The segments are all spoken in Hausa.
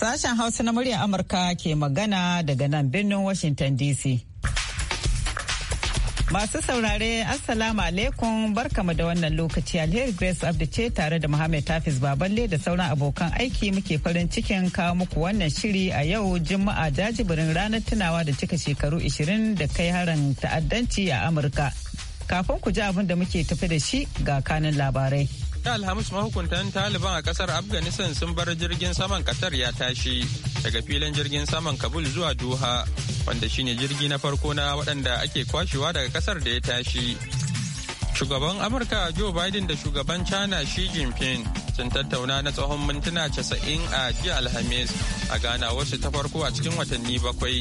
Sashen Hausa na murya Amurka ke magana daga nan birnin Washington DC. Masu saurare Assalamu alaikum barkamu da wannan lokaci alheri Grace Abdi ce tare da Muhammad Tafis Baballe da sauran abokan aiki muke farin cikin kawo muku wannan shiri a yau Juma'a jajibirin ranar tunawa da cika shekaru 20 da kai harin ta'addanci a Amurka. Kafin ku ji abin da muke tafi da shi ga kanin labarai. ta alhamis mahukuntan taliban a kasar afghanistan sun bar jirgin saman qatar ya tashi daga filin jirgin saman kabul zuwa doha wanda shine jirgi na farko na waɗanda ake kwashewa daga kasar da ya tashi shugaban amurka joe biden da shugaban china xi jinping sun tattauna na tsawon mintuna 90 a jiya alhamis a gana wasu ta farko a cikin watanni bakwai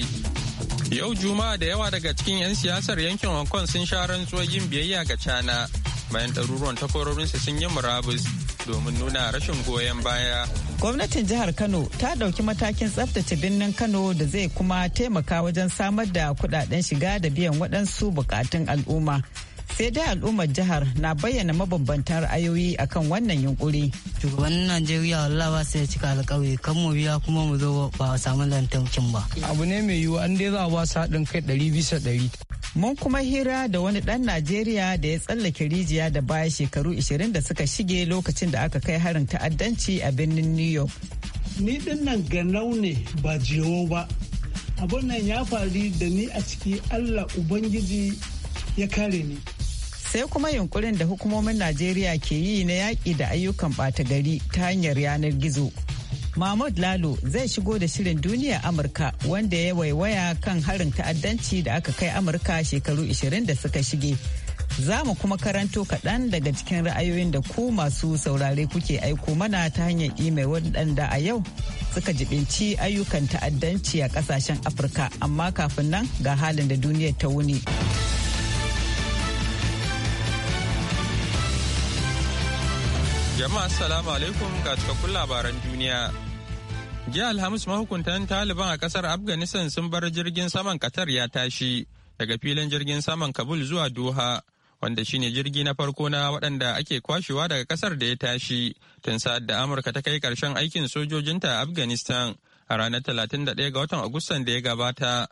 yau juma'a da yawa daga cikin 'yan siyasar yankin hong kong sun sha rantsuwar yin biyayya ga china bayan ɗaruruwan takwarorinsa sun yi murabus domin nuna rashin goyon baya. Gwamnatin jihar Kano ta ɗauki matakin tsaftace birnin Kano da zai kuma taimaka wajen samar da kuɗaɗen shiga da biyan waɗansu buƙatun al'umma. sai dai al'ummar jihar na bayyana mabambantan ra'ayoyi akan wannan yunkuri. shugaban najeriya wallah ba sai cika alkawari kan mu biya kuma mu zo ba a samu lantarkin ba abu ne mai yiwu an dai za a ba su haɗin kai ɗari bisa ɗari. mun kuma hira da wani ɗan najeriya da ya tsallake rijiya da baya shekaru 20 da suka shige lokacin da aka kai harin ta'addanci a birnin new york ni ɗin nan ganau ne ba jiyo ba abun nan ya faru da ni a ciki allah ubangiji ya kare ni sai kuma yunkurin da hukumomin najeriya ke yi na yaƙi da ayyukan ɓata gari ta hanyar yanar gizo mahmud lalo zai shigo da shirin duniya amurka wanda ya waiwaya kan harin ta'addanci da aka kai amurka shekaru 20 da suka shige za mu kuma karanto kaɗan daga cikin ra'ayoyin da ku masu saurare kuke aiko mana ta hanyar imel waɗanda a yau suka jibinci ayyukan ta'addanci a ƙasashen afirka amma kafin nan ga halin da duniyar ta wuni. Jama'a assalamu alaikum ga cikakkun labaran duniya. Jiya Alhamis mahukuntan Taliban a kasar Afghanistan sun bar jirgin saman Qatar ya tashi daga filin jirgin saman Kabul zuwa Doha wanda shine jirgi na farko na waɗanda ake kwashewa daga kasar da ya tashi tun sa'ad da Amurka ta kai karshen aikin sojojinta a Afghanistan a ranar 31 ga watan Agustan da ya gabata.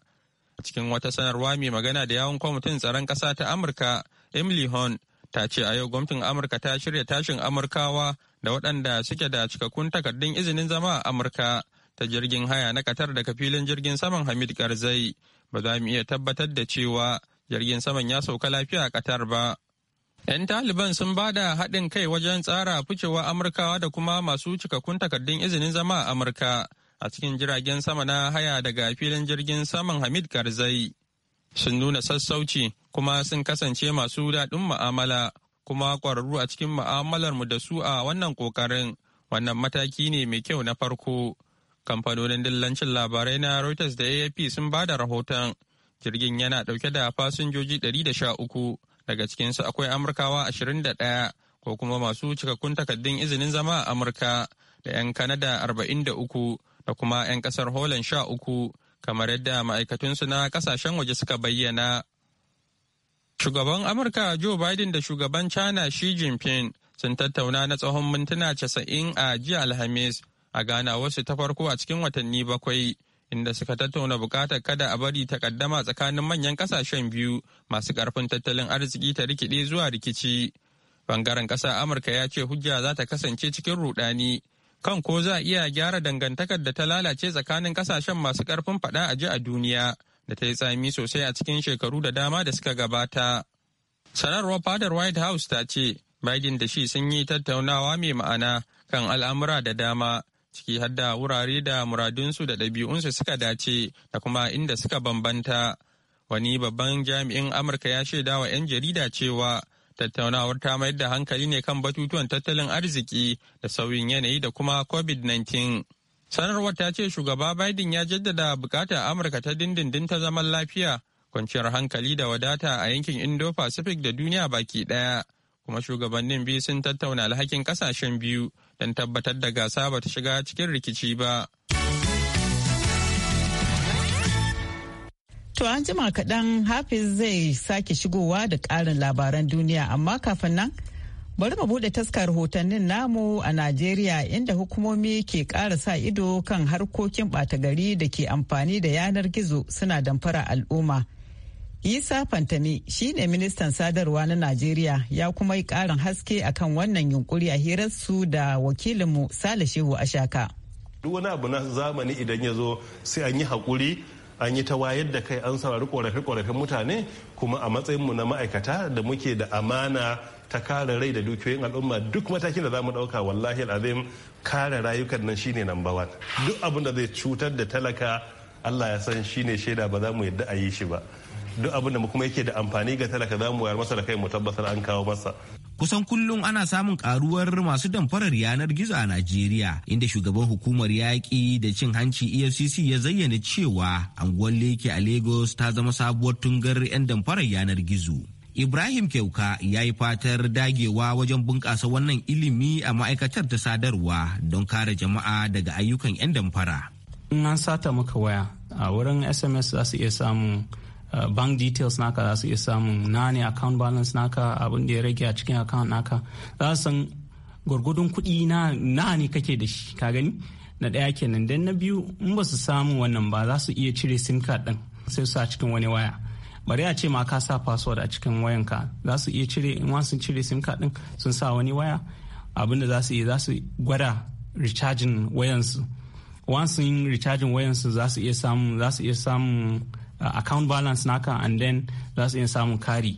cikin wata sanarwa mai magana da yawon kwamitin tsaron ƙasa ta Amurka, Emily Hunt ta ce a yau gwamnatin amurka ta shirya tashin amurkawa da waɗanda suke da cikakkun takardun izinin zama a amurka ta jirgin haya na katar daga filin jirgin saman hamid karzai ba za mu iya tabbatar da cewa jirgin saman ya sauka lafiya a katar ba 'Yan Taliban sun ba da haɗin kai wajen tsara ficewa Amurkawa da kuma masu cikakkun takardun izinin zama a Amurka a cikin jiragen sama na haya daga filin jirgin saman Hamid Karzai. Sun nuna sassauci kuma sun kasance masu daɗin mu'amala kuma ƙwararru a cikin mu da su a wannan ƙoƙarin wannan mataki ne mai kyau na farko kamfanonin dillancin labarai na reuters da afp sun ba da rahoton jirgin yana ɗauke da fasinjoji 113 daga cikinsu akwai amurkawa 21 ko kuma masu cikakkun takaddun izinin zama a amurka da 'yan kanada 43 da kuma 'yan ƙasar holland 13 kamar yadda ma'aikatunsu na kasashen waje suka bayyana Shugaban Amurka Joe Biden da shugaban China Xi Jinping sun tattauna na tsawon mintuna casa'in a jiya Alhamis a gana wasu ta farko a cikin watanni bakwai inda suka tattauna bukatar kada a bari takaddama tsakanin manyan kasashen biyu masu karfin tattalin arziki ta rikide zuwa rikici. Bangaren kasa Amurka ya ce hujja za ta kasance cikin rudani kan ko za a iya gyara dangantakar da ta lalace tsakanin kasashen masu karfin faɗa a ji a duniya. da ta yi tsami sosai a cikin shekaru da dama da suka gabata. Sanarwar fadar White House ta ce, Biden da shi sun yi tattaunawa mai ma'ana kan al'amura da dama, ciki har da wurare da muradunsu da ɗabi'unsu suka dace da kuma inda suka bambanta. Wani babban jami'in Amurka ya shaida wa 'yan jarida cewa tattaunawar ta mayar da hankali ne kan batutuwan tattalin arziki da sauyin yanayi da kuma COVID-19. Sanarwar ta ce shugaba Biden ya jaddada bukatar Amurka ta dindindin ta zaman lafiya, kwanciyar hankali da wadata a yankin Indo-Pacific da duniya baki daya Kuma shugabannin biyu sun tattauna alhakin kasashen biyu don tabbatar da gasa ba ta shiga cikin rikici ba. To an jima kaɗan Hafiz zai sake shigowa da ƙarin labaran duniya amma kafin nan Bari mu buɗe taskar rahotannin namu a Najeriya inda hukumomi ke ƙara sa ido kan harkokin ɓata gari da ke amfani da yanar gizo suna damfara al'umma. Isa Fantami shine ministan sadarwa na Najeriya ya kuma yi ƙarin haske akan wannan yunkuri a hirarsu da wakilinmu Sale Shehu Ashaka. Duk wani abu na zamani idan ya zo sai an yi hakuri an yi ta wayar da kai an saurari korafe-korafen mutane kuma a matsayinmu na ma'aikata da muke da amana ta kare rai da dukiyoyin al'umma duk matakin da za mu ɗauka wallahi al'azim kare rayukan nan shine number one duk abin da zai cutar da talaka allah ya san shine shaida ba za mu yadda a yi shi ba duk abin da kuma yake da amfani ga talaka za mu wayar masa da kai mu tabbatar an kawo masa kusan kullum ana samun karuwar masu damfarar yanar gizo a Najeriya inda shugaban hukumar yaƙi da cin hanci EFCC ya zayyana cewa anguwar leke a Lagos ta zama sabuwar tungar 'yan damfarar yanar gizo. Ibrahim Kyauka ya yi fatar dagewa wajen bunƙasa wannan ilimi a ma'aikatar ta sadarwa don kare jama'a daga ayyukan 'yan damfara. In an sata maka waya a wurin SMS za su iya samun uh, bank details naka za su iya samun na ne account balance naka abin da ya rage a cikin account naka za su san gwargwadon kuɗi na ne kake da shi ka gani na ɗaya kenan dan na biyu in ba su samu wannan ba za su iya cire sim card ɗin sai su a cikin wani waya bari a ce ma ka sa password a cikin wayanka za su iya cire in sun cire sim card din sun sa wani waya abinda za su iya za su gwada recharging wayansu yin recharging wayansu za su iya samun za su iya samun uh, account balance naka and then za su iya samun kari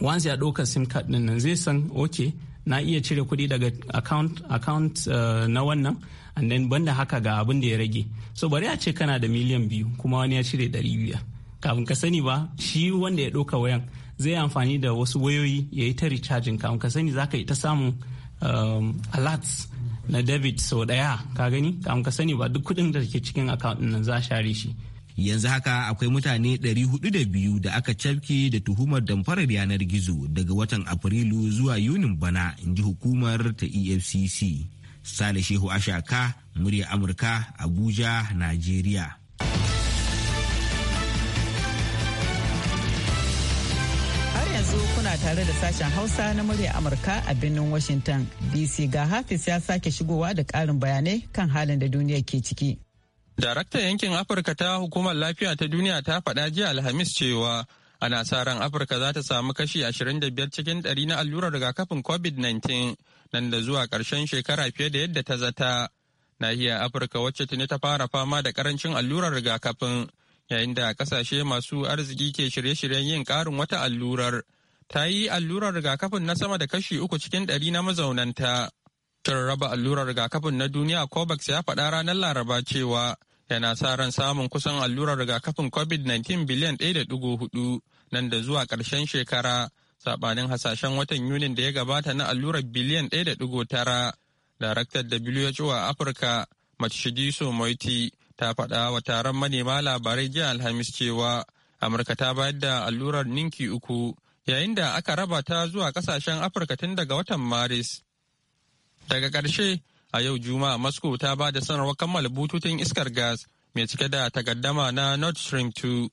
wasu ya ɗauka sim card din nan zai san ok na iya cire kuɗi daga account account uh, na wannan and then banda haka ga abin da ya rage so bari a ce kana da miliyan biyu kuma wani ya cire ɗari biyar kafin ka sani ba shi wanda ya ɗauka wayan zai amfani da wasu wayoyi ya yi ta recharging kafin ka sani za ka yi ta samun um, alerts na david sau daya ka gani kafin ka sani ba duk kuɗin da ke cikin account nan za a share shi yanzu haka akwai mutane 402 da aka cafke da tuhumar damfarar yanar gizo daga watan afrilu zuwa yunin bana in ji hukumar ta efcc sale shehu ashaka murya amurka abuja nigeria. tare da sashen Hausa na murya Amurka a birnin Washington DC ga Hafiz ya sake shigowa da karin bayanai kan halin da duniya ke ciki. Daraktan yankin Afirka ta hukumar lafiya ta duniya ta faɗa jiya Alhamis cewa ana sa ran Afirka za ta samu kashi 25 cikin 100 na allurar rigakafin COVID-19 nan da zuwa ƙarshen shekara fiye da yadda ta zata. Nahiyar Afirka wacce tuni ta fara fama da karancin allurar rigakafin yayin da kasashe masu arziki ke shirye-shiryen yin ƙarin wata allurar ta yi allurar rigakafin na sama da kashi uku cikin ɗari na mazaunanta. Shirin raba allurar rigakafin na duniya COVAX ya faɗa ranar Laraba cewa yana sa ran samun kusan allurar rigakafin COVID-19 biliyan ɗaya da hudu nan da zuwa ƙarshen shekara, saɓanin hasashen watan Yunin da ya gabata na allurar biliyan ɗaya da tara. Daraktar WHO a Afirka, Matshidiso Moiti, ta faɗa wa taron manema labarai jiya Alhamis cewa Amurka ta bayar da allurar ninki uku yayin da aka raba ta zuwa kasashen afirka tun daga watan maris daga ƙarshe a yau juma'a moscow ta ba da sanarwar kammala bututun iskar gas mai cike da takaddama na nord stream 2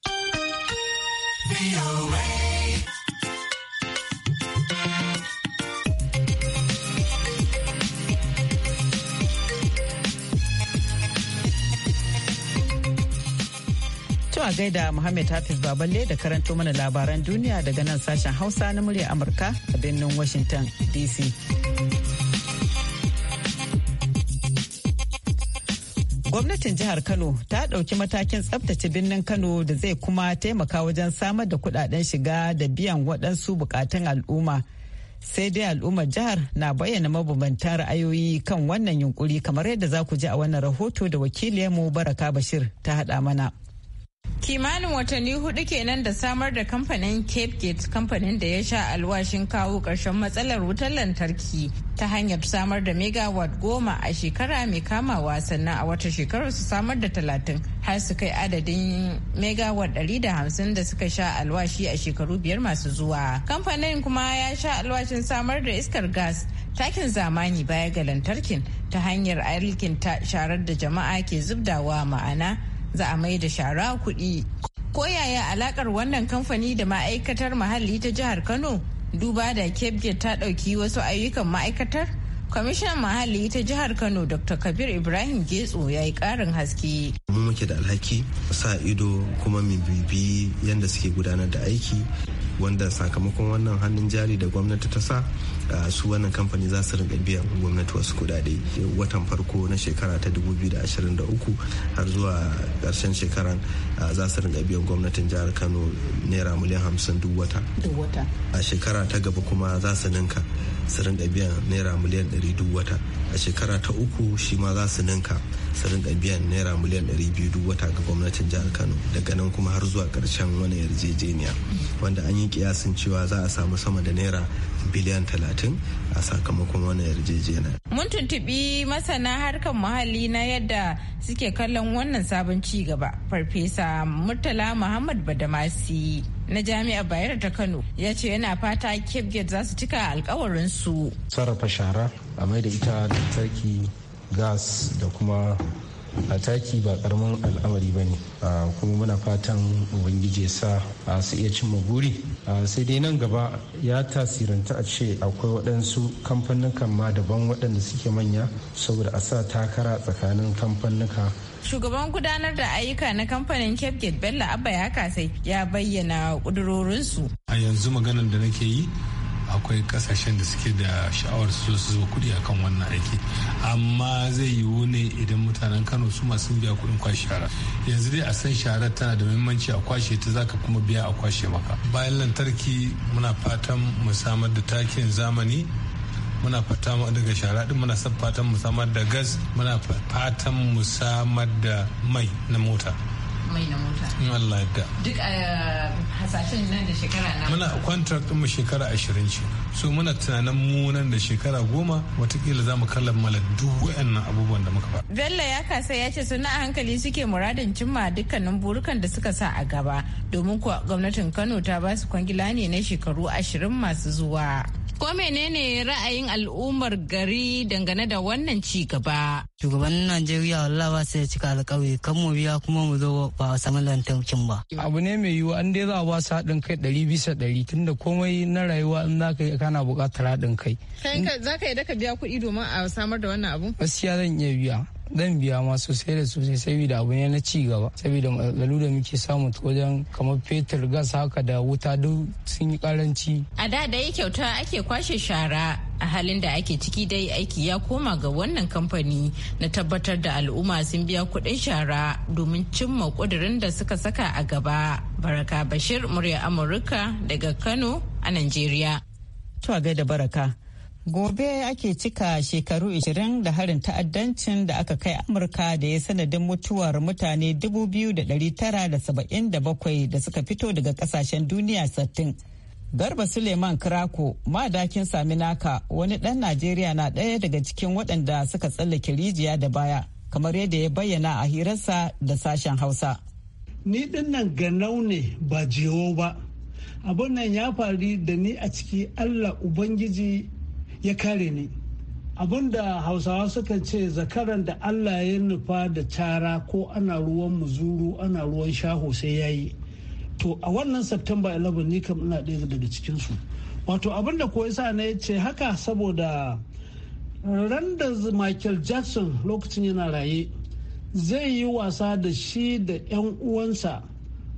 To a gaida Muhammad Hafiz Baballe da karanto mana labaran duniya daga nan sashen Hausa na murya Amurka a birnin Washington DC. Gwamnatin jihar Kano ta ɗauki matakin tsabtace birnin Kano da zai kuma taimaka wajen samar da kudaden shiga da biyan waɗansu bukatun al'umma. Sai dai al'ummar jihar na bayyana mabambantan ra'ayoyi kan wannan yunkuri kamar yadda za ku ji a wannan rahoto da wakiliyarmu Baraka Bashir ta haɗa mana. kimanin watanni hudu kenan da samar da kamfanin cape gate kamfanin da ya sha alwashin kawo karshen matsalar wutar lantarki ta hanyar samar da megawatt goma a shekara mai kamawa sannan a wata shekarar su samar da talatin har su kai adadin megawatt ɗari da hamsin da suka sha alwashi a shekaru biyar masu zuwa kamfanin kuma ya sha alwashin samar da iskar gas takin zamani baya ga lantarkin ta hanyar aikin sharar da jama'a ke zubdawa ma'ana za a mai da shara kuɗi. Koyaya alakar wannan kamfani da ma'aikatar muhalli ta jihar Kano duba da Cape ta ɗauki wasu ayyukan ma'aikatar? Kwamishinan muhalli ta jihar Kano Dr. Kabir Ibrahim Getso ya yi ƙarin haske. Mu muke da alhaki sa ido kuma mu bibi yadda suke gudanar da aiki wanda sakamakon wannan hannun jari da gwamnati ta sa su wannan kamfani za su rinka biyan gwamnati wasu kudade watan farko na shekara ta 2023 har zuwa karshen shekaran za su rinka biyan gwamnatin jihar kano naira miliyan hamsin duk wata a shekara ta gaba kuma za su ninka su rinka biyan naira miliyan ɗari duk wata a shekara ta uku shi ma za su ninka su rinka biyan naira miliyan ɗari biyu duk wata ga gwamnatin jihar kano daga nan kuma har zuwa karshen wani yarjejeniya wanda an yi kiyasin cewa za a samu sama da naira biliyan talatin a sakamakon wani yarjejeniya mun tuntubi masana harkar muhalli na yadda suke kallon wannan sabon ci gaba farfesa murtala muhammad badamasi na jami'ar bayar ta kano ya ce yana fata cape gate za su cika alkawarin su sarrafa shara a mai da ita lantarki gas da kuma a taki ba karamin al'amari ba ne kuma muna fatan ubangiji ya sa su iya cimma buri sai dai nan gaba ya tasiranta a ce akwai waɗansu kamfanin ma daban waɗanda suke manya saboda a sa takara tsakanin kamfanuka shugaban gudanar da ayyuka na kamfanin capgate bello abba ya kasai ya bayyana ƙudurorinsu. a yanzu maganar da nake yi akwai kasashen da suke da sha'awar su su kudi kuɗi akan wannan aiki amma zai yiwu ne idan mutanen kano su masu biya kuɗin kwashe shara yanzu dai a san sharar tana da muhimmanci a kwashe ta za ka kuma biya a kwashe maka bayan lantarki muna fatan mu samar da takin zamani muna fata daga shara din muna fatan mu samar da gas muna fatan mu samar da mai na mota mai na mota Allah ya duk a eh, hasashen nan da shekara na muna contract mu shekara ashirin ce so muna tunanin mu nan da shekara goma watakila za mu kammala duk wa'annan abubuwan da muka faɗa Bello ya kasa ya ce suna a hankali suke muradin cimma dukkanin burukan da suka sa a gaba domin kuwa gwamnatin Kano ta ba su kwangila ne na shekaru ashirin masu zuwa Ko menene ra'ayin al'ummar gari dangane da wannan ci gaba? Shugabannin Najeriya Allah ba sai cika alƙawari kan mu biya kuma mu zo ba a samu lantarkin ba. Abu ne mai yiwuwa an dai za a ba su haɗin kai ɗari bisa ɗari tunda komai na rayuwa in za ka yi kana buƙatar haɗin kai. Kai za ka yi daka biya kuɗi domin a samar da wannan abun? Gaskiya zan iya biya. dan biya ma sosai da sosai saboda abu ne na ci gaba saboda matsalolin da muke samu wajen kamar fetur gas haka da wuta duk sun yi karanci a da da kyauta ake kwashe shara a halin da ake ciki dai aiki ya koma ga wannan kamfani na tabbatar da al'umma sun biya kuɗin shara domin cimma ƙudurin da suka saka a gaba baraka bashir murya amurka daga kano a najeriya to a gaida baraka Gobe ake cika shekaru 20 da harin ta'addancin da aka kai Amurka da ya sanadin mutuwar mutane 2,977 da suka fito daga kasashen duniya sattin. Garba Suleiman Krako, madakin Saminaka, wani ɗan Najeriya na ɗaya daga cikin waɗanda suka tsallake rijiya da baya, kamar yadda ya bayyana a hirarsa da sashen Hausa. Ni ɗin nan ganau ne ba jewo ba. Abin nan ya faru da ni a ciki Allah Ubangiji ya kare ni abinda hausawa suka ce zakaran da allah ya nufa da tara ko ana ruwan muzuru ana ruwan shaho sai ya yi to a wannan september 11 ni kam ina ɗaya daga cikinsu wato abinda ko yasa na ce haka saboda ran da michael jackson lokacin yana raye zai yi wasa da shi da 'yan uwansa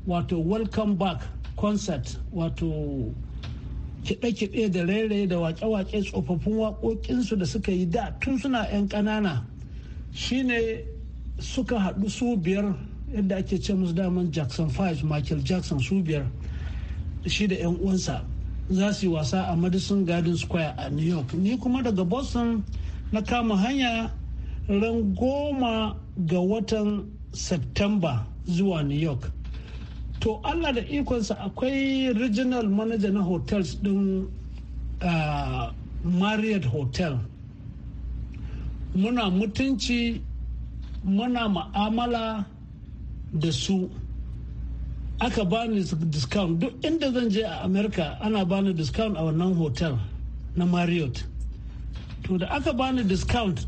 wato welcome back concert wato kiɗe-kiɗe da rairaye da waƙe-waƙe tsofaffin waƙoƙinsu da suka yi da tun suna 'yan ƙanana shine suka haɗu su biyar yadda ake ce musu daman jackson 5 michael jackson su biyar shi da 'yan uwansa za su yi wasa a madison garden square a new york ni kuma daga boston na kama hanya ran goma ga watan september zuwa new york to allah da ikonsa akwai regional manager na hotels din uh, marriott hotel muna mutunci muna ma'amala da su aka bani discount duk inda zan je a america ana bani discount a wannan hotel na marriott to da aka bani discount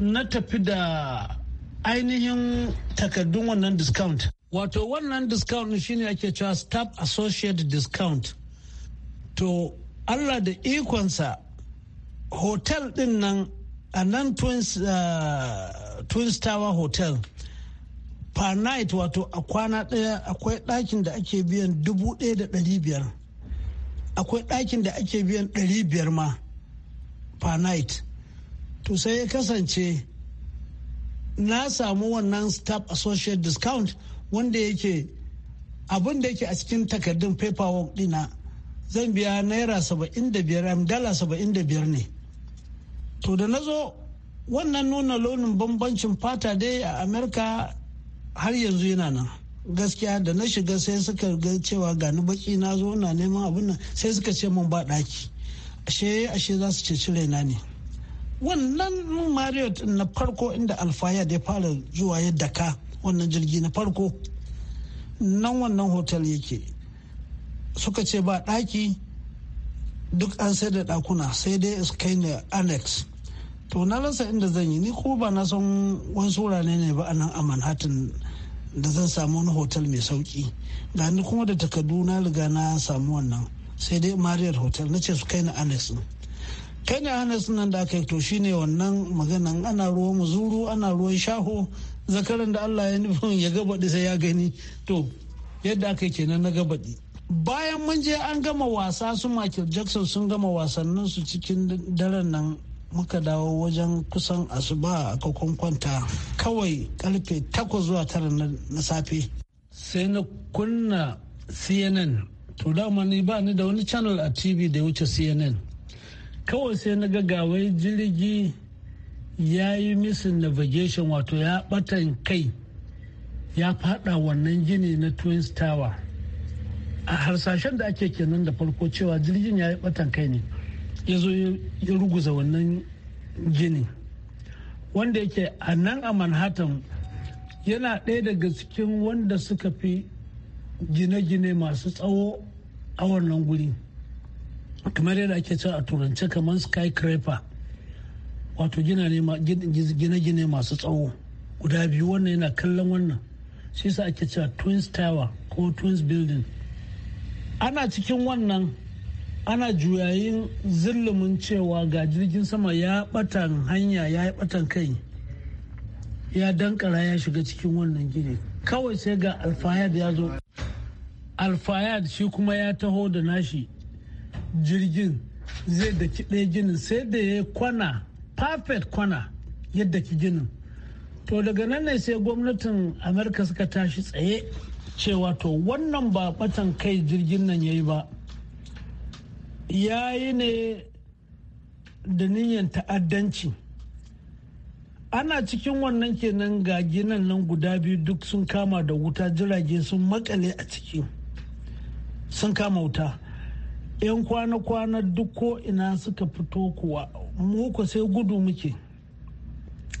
na tafi da ainihin takardun wannan discount wato wannan discount shine ake cewa staff associate discount to allah da ikonsa hotel din nan a nan twins, uh, twins tower hotel per night wato a kwana ɗaya akwai ɗakin da ake biyan dubu ɗaya da ɗari biyar akwai ɗakin da ake biyan ɗari biyar ma per night to sai ya kasance na samu wannan staff associate discount wanda yake abin da yake a cikin takardun paperwork dina zan biya naira saba'in da dala saba'in ne to da na zo wannan nuna launin bambancin fata dai a amerika har yanzu yana nan gaskiya da na shiga sai suka ga cewa gani baki na zo na neman abin nan sai suka ce mun ba daki ashe ashe za su ceci raina ne wannan mariot na farko inda alfaya da ya fara zuwa ya daka wannan jirgi na farko nan wannan hotel yake suka ce ba ɗaki duk an sai da ɗakuna sai dai kai ne annex to na rasa inda zan yi ni ko ba na san wani wurare ne ba anan nan a manhattan da zan samu wani hotel mai sauki ga ni kuma da takardu na riga na samu wannan sai dai marriott hotel na ce su kai na annex kai ne annex nan da aka yi to shine wannan maganan ana ruwan muzuru ana ruwan shaho zakaran da Allah ya nufin ya gabaɗi sai ya gani to yadda aka kenan na gabaɗi bayan mun je an gama wasa su Michael Jackson sun gama wasannin su cikin daren nan muka dawo wajen kusan asuba aka kwankwanta kawai karfe takwas zuwa tara na safe sai na kunna cnn to dama ni ba ni da wani channel a tv da ya wuce cnn kawai sai na ga gagawai jirgi ya yi misin navigation wato ya batan kai ya fada wannan gini na twins tower a harsashen da ake kenan da farko cewa jirgin ya yi batan kai ne ya zo ya ruguza wannan gini wanda yake a nan a manhattan yana ɗaya daga cikin wanda suka fi gine-gine masu tsawo a wannan guri kamar yadda ake cewa a turance kamar skycraper wato gine-gine masu tsawo guda biyu wannan yana kallon wannan shi sa ake cewa twins tower ko twins building ana cikin wannan ana juyayin zillumin cewa ga jirgin sama ya batan hanya ya yi batan kai ya dankara ya shiga cikin wannan gini kawai sai ga alfayad ya zo alfayad shi kuma ya taho da nashi jirgin zai daki ɗaya ginin sai da ya kwana perfect kwana yadda ki ginin to daga nan ne sai gwamnatin amurka suka tashi tsaye cewa to wannan ba batan kai jirgin nan ya yi ba ya yi ne da niyyar ta'addanci ana cikin wannan kenan ga ginan nan guda biyu duk sun kama da wuta jirage sun makale a ciki sun kama wuta 'yan kwana-kwana duk ko ina suka fito kuwa mu sai gudu muke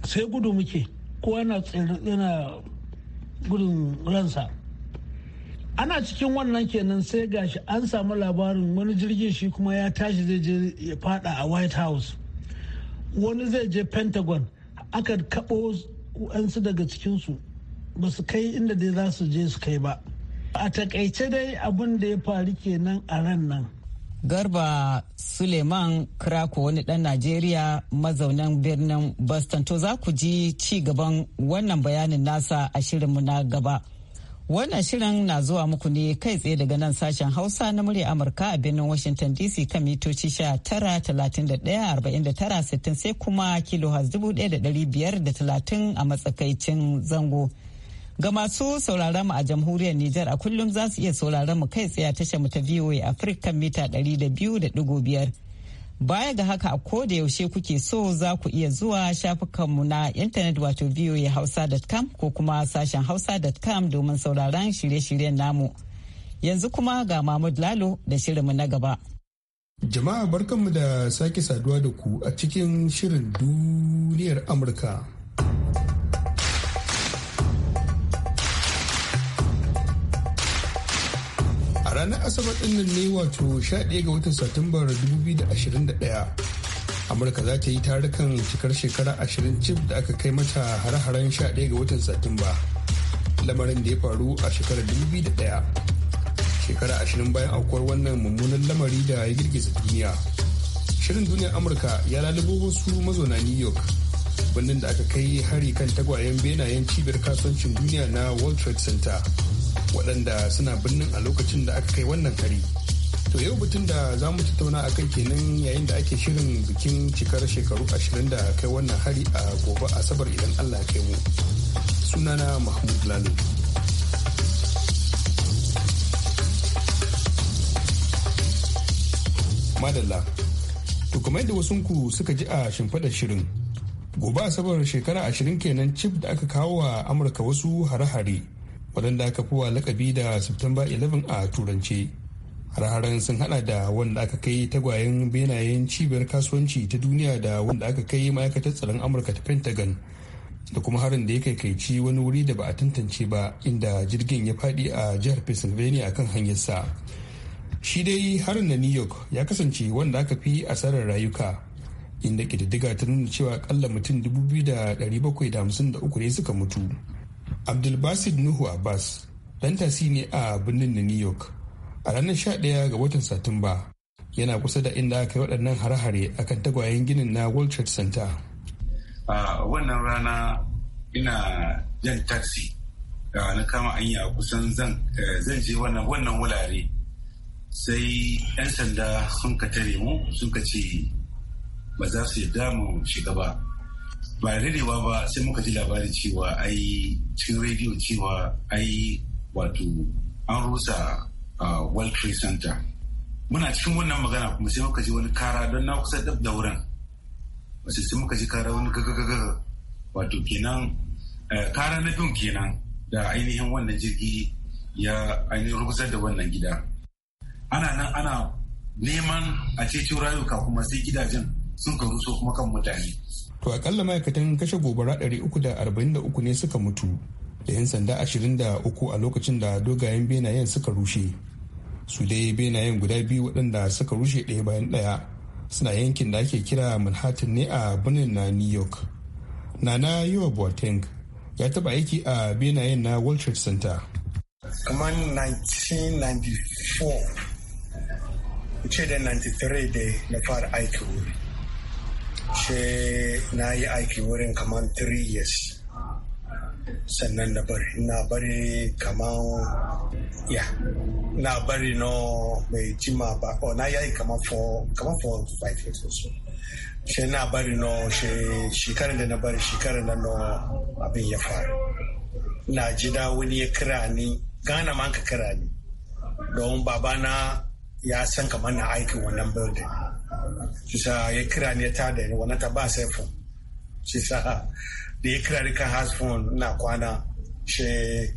sai gudu muke kowa na yana gudun ransa ana cikin wannan kenan sai gashi an samu labarin wani jirgin shi kuma ya tashi zai je ya fada a white house wani zai je pentagon aka kabo su daga cikinsu ba su kai inda dai za su je su kai ba a takaice dai abin da ya faru kenan a ran nan Garba Suleiman Krako wani ɗan Najeriya mazaunan birnin Boston. To za ku ji ci gaban wannan bayanin nasa a shirinmu na gaba. Wannan shirin na zuwa muku ne kai tsaye daga nan sashen Hausa na murya Amurka a birnin Washington DC kan mitoci sittin sai kuma da 1,530 a matsakaicin zango. Ga masu sauraron mu a jamhuriyar Nijar a kullum za su iya sauraron mu kai tsaye tashar mu ta VOA Africa mita 200.5. Baya ga haka a ko da yaushe kuke so za ku iya zuwa shafukan mu na intanet wato voahausa.com ko kuma sashen hausa.com domin sauraron shirye-shiryen namu. Yanzu kuma ga Mahmud Lalo da shirin mu na gaba. Jama'a barkanmu da sake saduwa da ku a cikin shirin duniyar Amurka. ranar asabar ɗinnan ne wato 11 ga watan satumbar 2021 amurka za ta yi tarukan cikar shekara 20 cif da aka kai mata hare-haren 11 ga watan satumba lamarin da ya faru a shekarar 2001 shekara 20 bayan aukuwar wannan mummunan lamari da ya girgiza duniya shirin duniya amurka ya lalubo wasu mazauna new york birnin da aka kai hari kan tagwayen benayen cibiyar kasuwancin duniya na world trade center waɗanda suna birnin a lokacin da aka kai wannan hari to yau batun da za mu tattauna a kai kenan yayin da ake shirin bikin cikar shekaru ashirin da kai wannan hari a gobe asabar idan allah ya kai mu sunana mahmud lalo madalla to kuma yadda ku suka ji a shimfiɗar shirin gobe asabar shekara ashirin kenan cif da aka kawo wa amurka wasu hare-hare waɗanda aka fi wa lakabi da september 11 a turance har-haren sun hada da wanda aka kai tagwayen benayen cibiyar kasuwanci ta duniya da wanda aka kai ma'aikatar tsaron amurka ta pentagon da kuma harin da ya kaici wani wuri da ba a tantance ba inda jirgin ya faɗi a jihar pennsylvania akan hanyarsa shi dai harin na new york ya kasance wanda aka fi asarar rayuka inda ƙididdiga ta nuna cewa akalla mutum 2,753 ne suka mutu abdulbasid nuhu abbas dan tasi ne a birnin new york a ranar 11 ga watan satumba yana kusa da inda aka yi waɗannan hare-hare kan tagwayen ginin na world trade center a wannan rana ina jan taxi na kama a kusan eh, zan je wannan wulare sai 'yan sanda sun ka tare mu sun ka ce ba za su yi damu shiga ba ba daidaiwa ba sai muka ji labari cewa ai cikin rediyo cewa ai wato an rusa world trade center muna cikin wannan magana kuma sai muka ji wani kara don na kusa da wurin wasu sai muka ji kara wani gagagaga wato kenan eh, kara na bin kenan da ainihin wannan jirgi ya ainihin rukusar da wannan gida ana nan ana neman a ceto rayuka kuma sai gidajen sun karu so kuma kan mutane to akalla ma'aikatan kashe gobara 343 ne suka mutu da 'yan sanda 23 a lokacin da dogayen benayen suka rushe su dai benayen guda biyu waɗanda suka rushe ɗaya bayan ɗaya suna yankin da ake kira manhattan ne a birnin na new york nana yiwa boateng ya taɓa aiki a benayen na world trade center kamar 1994 ce da 93 da na fara aiki wuri she na yi aiki wurin kaman 3 years sannan na bari na bari kaman ya na bari no mai jima ba o oh, na yi kaman 4 kaman 4 to 5 years or so she na bari no she shekarar da na bari shekarar da no abin ya faru na ji da wani ya kira ni gana ma ka kira ni don babana ya san kamar na aikin wannan building Sisa ya kira ni ta da ni wani ta ba sai phone. Sisa da ya kira ni kan has na kwana shi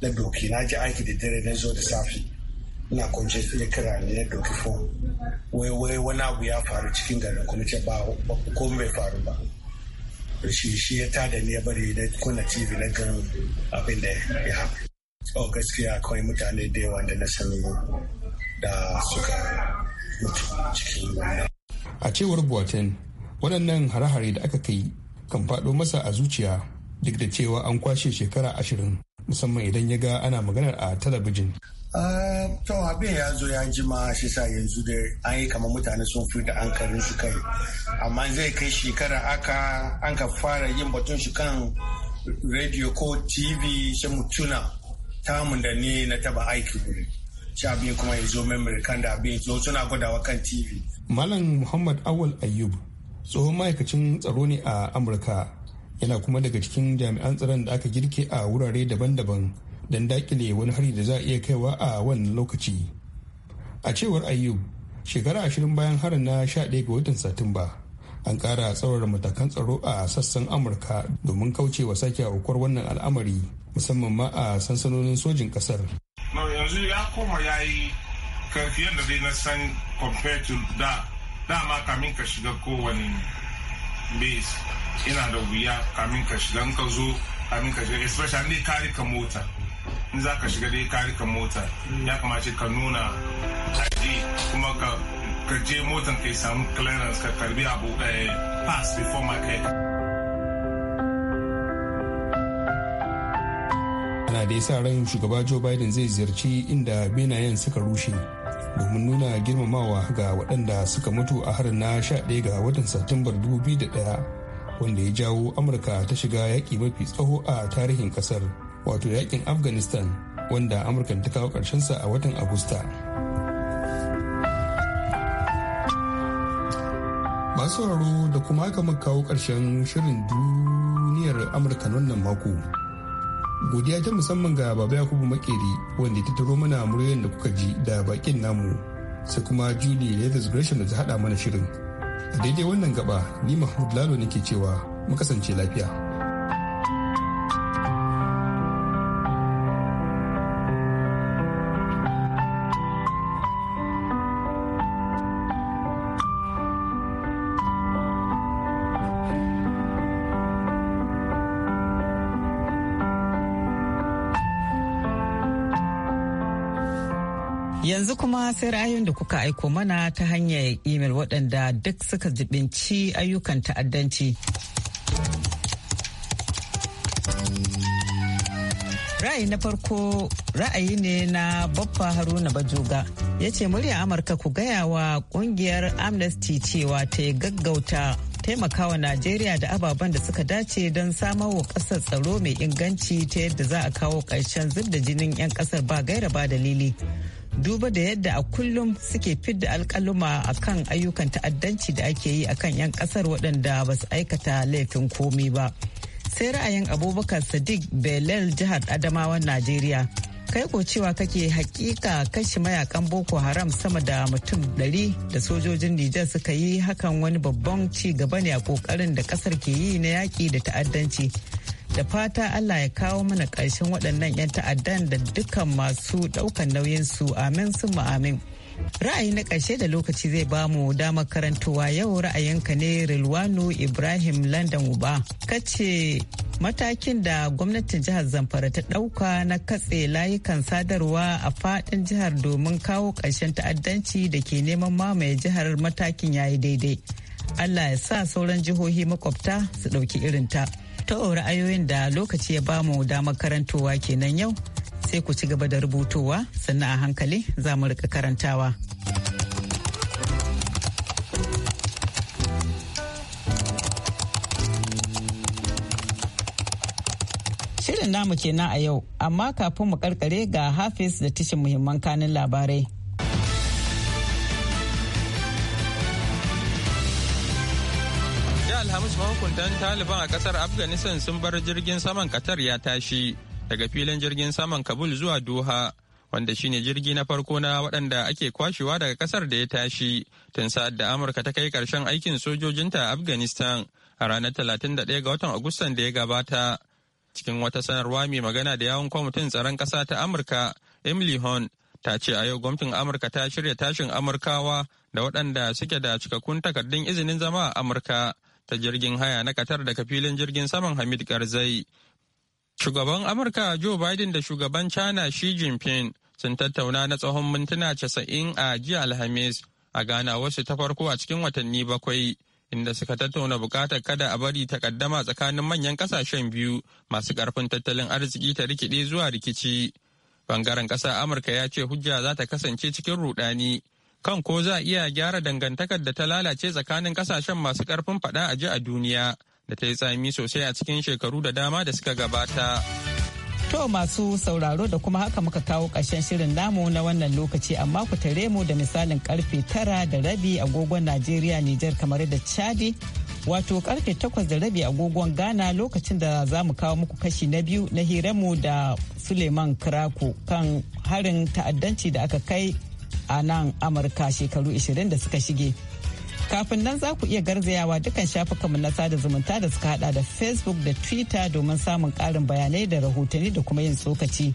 na doki na ji aiki da dare na zo da safi. na kwance ya kira ni ya doki fun Wai wai wani abu ya faru cikin garin kuma ce ba ko bai faru ba. Shi shi ya tada ni ya bari da kuna TV na gan abin da ya haɗu. o oh, gaskiya kawai mutane da yawa da na sani da suka mutu cikin wannan a cewar buwaten waɗannan hare-hare da aka kai kan faɗo masa a zuciya duk da cewa an kwashe shekara ashirin musamman idan ya ga ana maganar a talabijin ah, to abin ya zo ya jima shi sa yanzu da an yi kamar mutane sun fi da ankarin su kai amma zai kai shekara aka an ka fara yin batun shi kan radio ko tv shi mutuna tamun da ni na taba aiki wuri Sha abin kuma ya zo mai da abin zo suna gudawa kan tv malam muhammad awal ayyub tsohon ma'aikacin tsaro ne a amurka yana kuma daga cikin jami'an tsaron da aka girke a wurare daban-daban don dakile wani hari da za a iya kaiwa a wannan lokaci a cewar ayyub shekara ashirin bayan harin na ɗaya ga watan satumba an ƙara tsawar matakan tsaro a sassan amurka domin kaucewa sake aukuwar wannan al'amari musamman ma a sansanonin sojin kasar yanzu ya koma ya yi karfi da dai na san compared to da dama kamin ka shiga kowane base ina da wuya kamin ka shiga ka zo kamin ka shiga especially ne kari ka mota in za ka shiga dai kari ka mota ya kamace ka nuna ID kuma ka je motan ka samu clearance ka karbi abu eh, pass before market da ya sa ran shugaba joe biden zai ziyarci inda benayen suka rushe domin nuna girmamawa ga waɗanda suka mutu a harin na 11 ga watan satumbar 2001 wanda ya jawo amurka ta shiga yaƙi mafi tsaho a tarihin ƙasar wato yaƙin afghanistan wanda amurka ta kawo ƙarshensa a watan agusta masu sauraro da kuma aka kawo ƙarshen shirin duniyar amurka wannan mako godiya ta musamman ga baba yakubu makeri wanda ta taro mana muryoyin da kuka ji da bakin namu sai kuma julie leathers gresham da ta hada mana shirin a daidai wannan gaba ni mahmud lalo nake cewa mu kasance lafiya. sai ra'ayoyin da kuka aiko mana ta hanyar imel waɗanda duk suka jibinci ayyukan ta'addanci. ra'ayi na farko ra'ayi ne na baffa haruna bajoga ya ce murya amurka ku gaya wa kungiyar amnesty cewa ta gaggauta taimakawa najeriya da ababen da suka dace don samar wa kasar tsaro mai inganci ta yadda za a kawo ƙarshen zub da jinin 'yan kasar ba gaira ba dalili duba da yadda a kullum suke fidda alkaluma a kan ayyukan ta'addanci da ake yi a kan 'yan kasar waɗanda ba su aikata laifin komi ba sai ra'ayin abubakar sadiq Belel jihar adamawan najeriya kai ko cewa kake hakika kashi mayakan boko haram sama da mutum 100 da sojojin nijar suka yi hakan wani babban ci gaba ne a kokarin da kasar ke yi na yaƙi da ta'addanci da fata Allah ya kawo mana ƙarshen waɗannan 'yan ta'addan da dukkan masu ɗaukan su amin sun amin. Ra'ayi na ƙarshe da lokaci zai ba mu damar karantowa yau ra'ayinka ne Rilwanu Ibrahim London Uba. Kace matakin da gwamnatin jihar Zamfara ta ɗauka na katse layukan sadarwa a faɗin jihar domin kawo ƙarshen ta'addanci da ke neman mamaye jihar matakin yayi daidai. Allah ya sa sauran jihohi makwabta su ɗauki irin ta. tattaɓa ra'ayoyin da lokaci ya bamu damar karantowa kenan yau sai ku ci gaba da rubutowa sannan a hankali za mu rika karantawa. Shirin namu kenan a yau, amma kafin mu karkare ga Hafiz da tishin muhimman kanin labarai. mahukuntan Taliban a kasar Afghanistan sun bar jirgin saman Qatar ya tashi daga filin jirgin saman Kabul zuwa Doha, wanda shine jirgi na farko na waɗanda ake kwashewa daga kasar da ya tashi tun sa'ad da Amurka ta kai ƙarshen aikin sojojinta a Afghanistan a ranar 31 ga watan Agustan da ya gabata. Cikin wata sanarwa mai magana da yawon kwamitin tsaron ƙasa ta Amurka, Emily Hunt, ta ce a yau gwamnatin Amurka ta shirya tashin Amurkawa da waɗanda suke da cikakkun takardun izinin zama a Amurka ta jirgin haya na Qatar daga filin jirgin saman Hamid Karzai. Shugaban Amurka Joe Biden da shugaban China Xi Jinping sun tattauna na tsawon mintuna casa'in a jiya Alhamis a gana wasu ta farko a cikin watanni bakwai. Inda suka tattauna bukatar kada a bari takaddama tsakanin manyan kasashen biyu masu karfin tattalin arziki ta rikide zuwa rikici. Bangaren ƙasar Amurka ya ce hujja za ta kasance cikin rudani kan ko za a iya gyara dangantakar da ta lalace tsakanin kasashen masu karfin fada a ji a duniya da ta yi tsami sosai a cikin shekaru da dama da suka gabata. To masu sauraro da kuma haka muka kawo ƙarshen shirin namu na wannan lokaci amma ku tare mu da misalin karfe tara da rabi agogon Najeriya Nijar kamar da Chadi wato karfe takwas da rabi agogon Ghana lokacin da za mu kawo muku kashi na biyu na hiranmu da Suleiman Krako kan harin ta'addanci da aka kai a nan amurka shekaru 20 da suka shige kafin nan za ku iya garzayawa dukkan shafukanmu na sada zumunta da suka hada da facebook da twitter domin samun karin bayanai da rahotanni da kuma yin tsokaci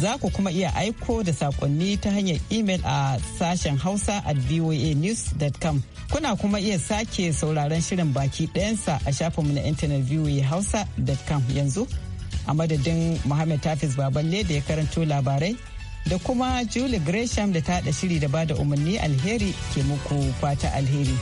za ku kuma iya aiko da sakonni ta hanyar imel a sashen hausa at voanews.com kuna kuma iya sake sauraron shirin baki ɗayansa a shafinmu na intanet voahausa.com yanzu a madadin muhammad tafis baballe da ya karanto labarai da kuma Julie Gresham da ta shiri da bada umarni alheri ke muku kwata alheri.